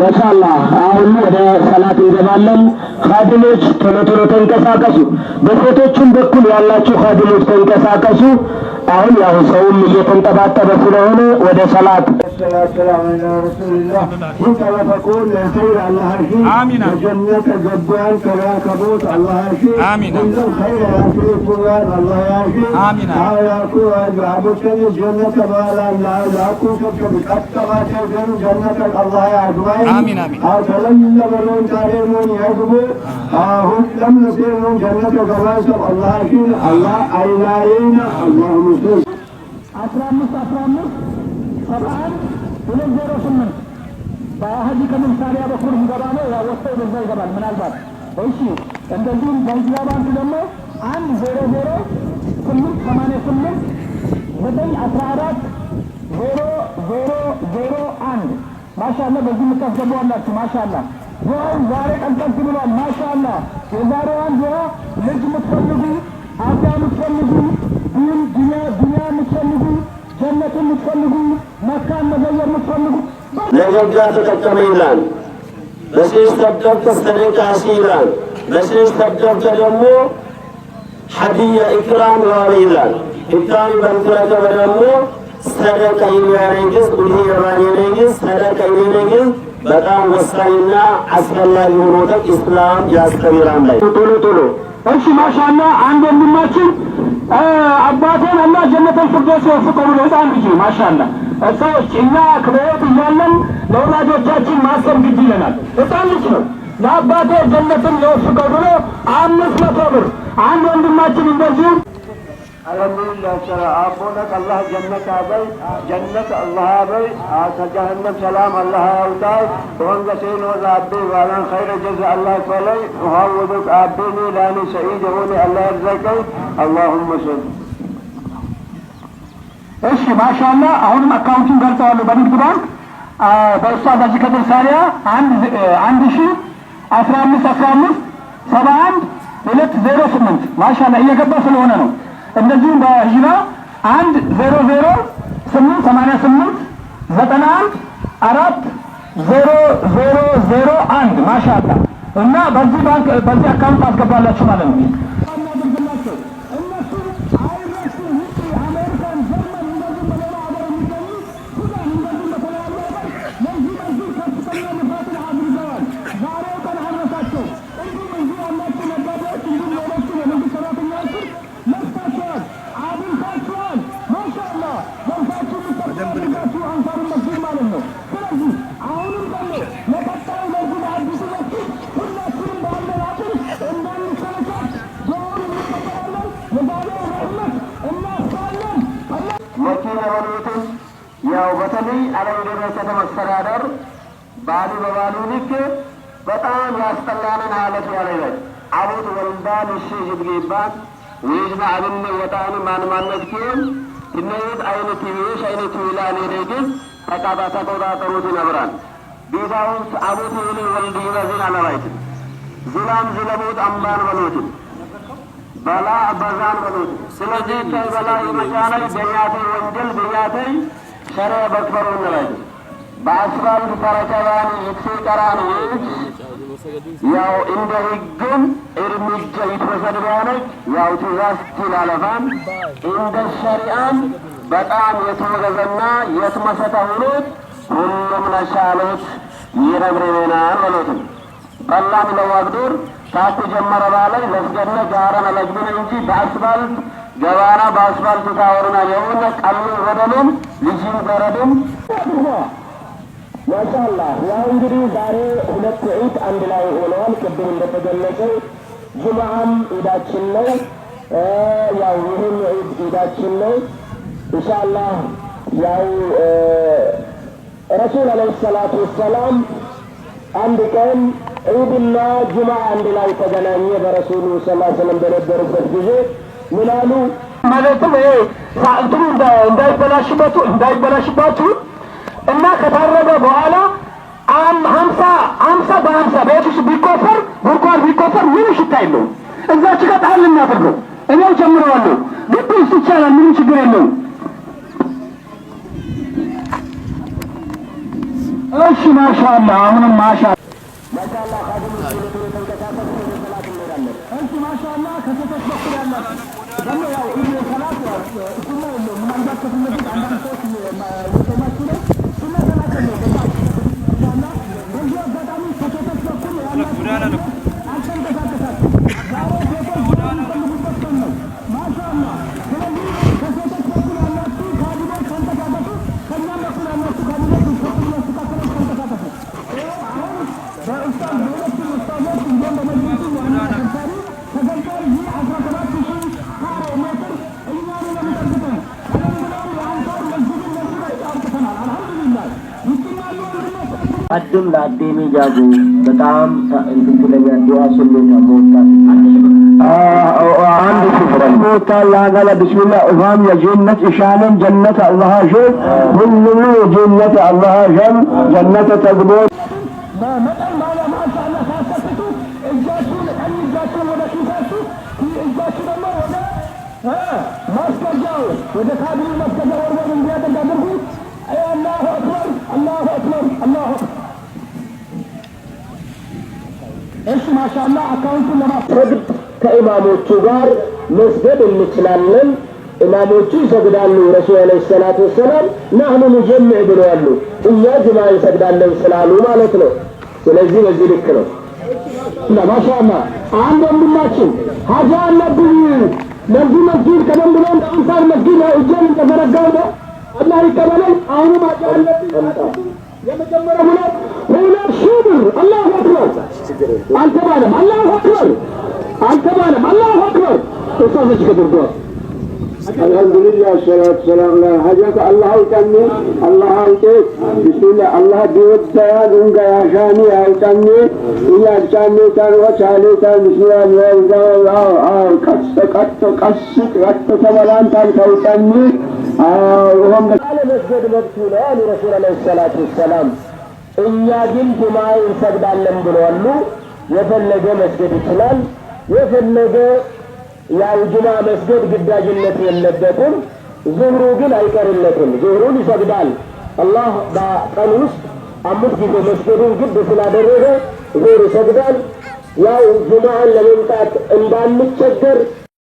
ማሻላ አሁን ወደ ሰላት እንገባለን። ኻድሞች ቶሎ ቶሎ ተንቀሳቀሱ። በሴቶቹም በኩል ያላችሁ ኻድሞች ተንቀሳቀሱ። አሁን ያው ሰውም እየተንጠባጠበ ስለሆነ ወደ ሰላት اللهم አስራ አምስት አስራ አምስት ሰባ አንድ ሁለት ዜሮ ስምንት በአህዲ ከመሳሪያ በኩል ሲገባ ነው ያወጣው በዛ ይገባል። ምናልባት እሺ፣ እንደዚሁም በንዚላ ባንክ ደግሞ አንድ ዜሮ ዜሮ ስምንት ሰማንያ ስምንት ዘጠኝ አስራ አራት ዜሮ ዜሮ ዜሮ አንድ ማሻላ በዚህ የምታስገቡ ማሻላ ዙዋው ዛሬ ቀልቀስ ብሏል። ማሻላ የዛሬዋን ዙዋ ልጅ የምትፈልጉ አዳ የምትፈልጉ ይህም ዱንያ የምትፈልጉ ጀነት የምትፈልጉ መካን መዘየር የምትፈልጉ ለኢትዮጵያ ተጠቀመ ይላል። በስዕስ ተደብተ ተደቃሲ ይላል። በስዕስ ተደብተ ደግሞ ሐዲያ ኢክራም ዋሪ ይላል። ኢክራም በምትረከበ ደግሞ ሰደቀ የሚያረግዝ እንዲህ የማያረግዝ ሰደቀ የሚያረግዝ በጣም ወሳኝና አስፈላጊ ሆኖ ኢስላም ያስተምራል ላይ ቶሎ ቶሎ እሺ ማሻላ አንድ ወንድማችን አባቴን አላ ጀነት ፊርደውስ ወፍቆ ብሎ ህፃን ልጅ ነው። ማሻላ እሳዎች እኛ ክበወት እያለን ለወላጆቻችን ማሰብ ግድ ይለናል። ህፃን ልጅ ነው። ለአባቴ ጀነትን የወፍቀው ብሎ አምስት መቶ ብር አንድ ወንድማችን እንደዚሁም አለሉያ ሰላ አቦነቅ አላህ ጀነት አበይ ጀነት አላህ አበይ ከጀሀነም ሰላም አላህ ያውጣይ ወንገሴን ወዛቤ ባላን ኸይረ ጀዛ አላህ ፈለይ ውሃውዱቅ አቤኒ ላኒ ሰዒድ ሆኒ አላህ ያርዘቀኝ አላሁመ ሰል እሺ ማሻላ አሁንም አካውንቱን ገልጸዋለሁ በንግድ ባንክ በእሷ በዚህ ከድር ሳሪያ አንድ ሺ አስራ አምስት አስራ አምስት ሰባ አንድ ሁለት ዜሮ ስምንት ማሻላ እየገባ ስለሆነ ነው እንደዚሁም በሂባ አንድ ዜሮ ዜሮ ስምንት ሰማንያ ስምንት ዘጠና አንድ አራት ዜሮ ዜሮ ዜሮ አንድ ማሻላ እና በዚህ ባንክ በዚህ አካውንት አስገባላችሁ ማለት ነው። ሃይማኖትም ያው በተለይ አለም ደረሰ አስተዳደር ባሉ በባሉ ልክ በጣም ያስጠላንን አለት ያለበት አቡት ወልዳ ንሽ ይብጌባት ወይዝና አብነ ወጣን ማንማነት ኪሆን ትነዩት አይነት ይሽ አይነት ይላል ይደግስ ተቃጣ ተቆጣጠሩት ይነብራል ቢዛውን አቡት ወልድ ወልድ ይበዝን አለባይትም ዝላም ዝለቦት አምባን በሎትም በላ አባዛን በሉት። ስለዚህ ከይ በላ የመጫነች በእኛተይ ወንጀል በእኛተይ ሸሬ በክበሩ እንላቸው በአስፋልት ተረከባን የተቀራን ወይች ያው እንደ ህግም እርምጃ ይትወሰድ ቢያነች ያው ትእዛዝ ትላለፋን እንደ ሸሪአን በጣም የተወገዘና የትመሰተ ሁሉት ሁሉም ነሻሎት ይረግረናል ማለት ነው። ቀላም ለዋግዱር ሳቱ ጀመረ ባለይ ለስገነ ጋረነ ለግብን እንጂ በአስፋልት ገባና በአስፋልት ታወርና የሆነ ቀሉ በደሉም ልጅም በረዱም ማሻላ ያ እንግዲህ ዛሬ ሁለት ዒድ አንድ ላይ ሆነዋል። ቅድም እንደተገለጸው ጁምዓም ዒዳችን ነው። ያው ይህም ዒድ ዒዳችን ነው። እንሻላ ያው ረሱል አለይሂ ሰላቱ ወሰላም አንድ ቀን ዒድና ጁማ አንድ ላይ ተገናኘ። በረሱሉ ሰላ ሰለም በነበሩበት ጊዜ ምናሉ ማለትም ይሄ ሰዓቱም እንዳይበላሽበቱ እንዳይበላሽባችሁ እና ከታረገ በኋላ ሀምሳ ሀምሳ በሀምሳ ቤት ውስጥ ቢቆፈር ጉድጓድ ቢቆፈር ምንም ሽታ የለውም። እዛ ጋር ጣል እናደርገው እኔው ጀምረዋለሁ። ግቢ ውስጥ ይቻላል፣ ምንም ችግር የለውም። እሺ ማሻአላ አሁንም ማሻ ማሻላ ካገኙ ኪሎሜትር ማሻላ ከሴቶች በኩል ያላችሁ ደግሞ ያው ይህ ሰላት እሱና ምናልባት ከፊት ለፊት አንዳንድ ሰዎች እየሰማችሁ ነው ሱና ሰላት ነው አድም ለአዴሜ ጃጎ በጣም ወደ ማሻላ አካውንቱን ለማ ከኢማሞቹ ጋር መስገድ እንችላለን። ኢማሞቹ ይሰግዳሉ። ረሱል ዓለይሂ ሰላቱ ወሰላም ናህኑ ንጀምዕ ብለዋሉ። እኛ ጅማ እንሰግዳለን ስላሉ ማለት ነው። ስለዚህ በዚህ ልክ ነው። ማሻአላ አንድ ወንድማችን ሀጃ አለብኝ ለዚህ መስጊድ ቀደም ብሎ እንደ መስጊድ እጄን እንደዘረጋው ነው። አላህ ይቀበለኝ። አሁንም ሀጃ አለብኝ የመጀመሪያው ሁለት ሁለት ሽብር አላሁ አክበር አልተባለም። አላሁ አክበር አልተባለም። አላሁ አክበር እሳቶች ከድርጓል አልሐምዱሊላህ ሰላት ሰላም ላይ ሀጃት አላህ አውጣኒ አላህ አውጤ ቢስሚላ አላህ ቢወዳ ዱንጋ ያሻኒ አውጣኒ እያጫኒ ታንወ ቻሌ ታን ቢስሚላ ቀስ ቀስ ቀስ ቀስ ተበላንታን ታውጣኒ ለመስገድ መብቱ ነው አሉ ረሱል አለ ሰላቱ ወሰላም። እኛ ግን ጁማ እንሰግዳለን ብለዋሉ። የፈለገ መስገድ ይችላል። የፈለገ ያው ጁማ መስገድ ግዳጅነት የለበትም። ዙህሩ ግን አይቀርለትም። ዙህሩን ይሰግዳል። አላህ በቀን ውስጥ አምስት ጊዜ መስገዱን ግድ ስላደረገ ዙህር ይሰግዳል። ያው ጁማን ለመምጣት እንዳንቸገር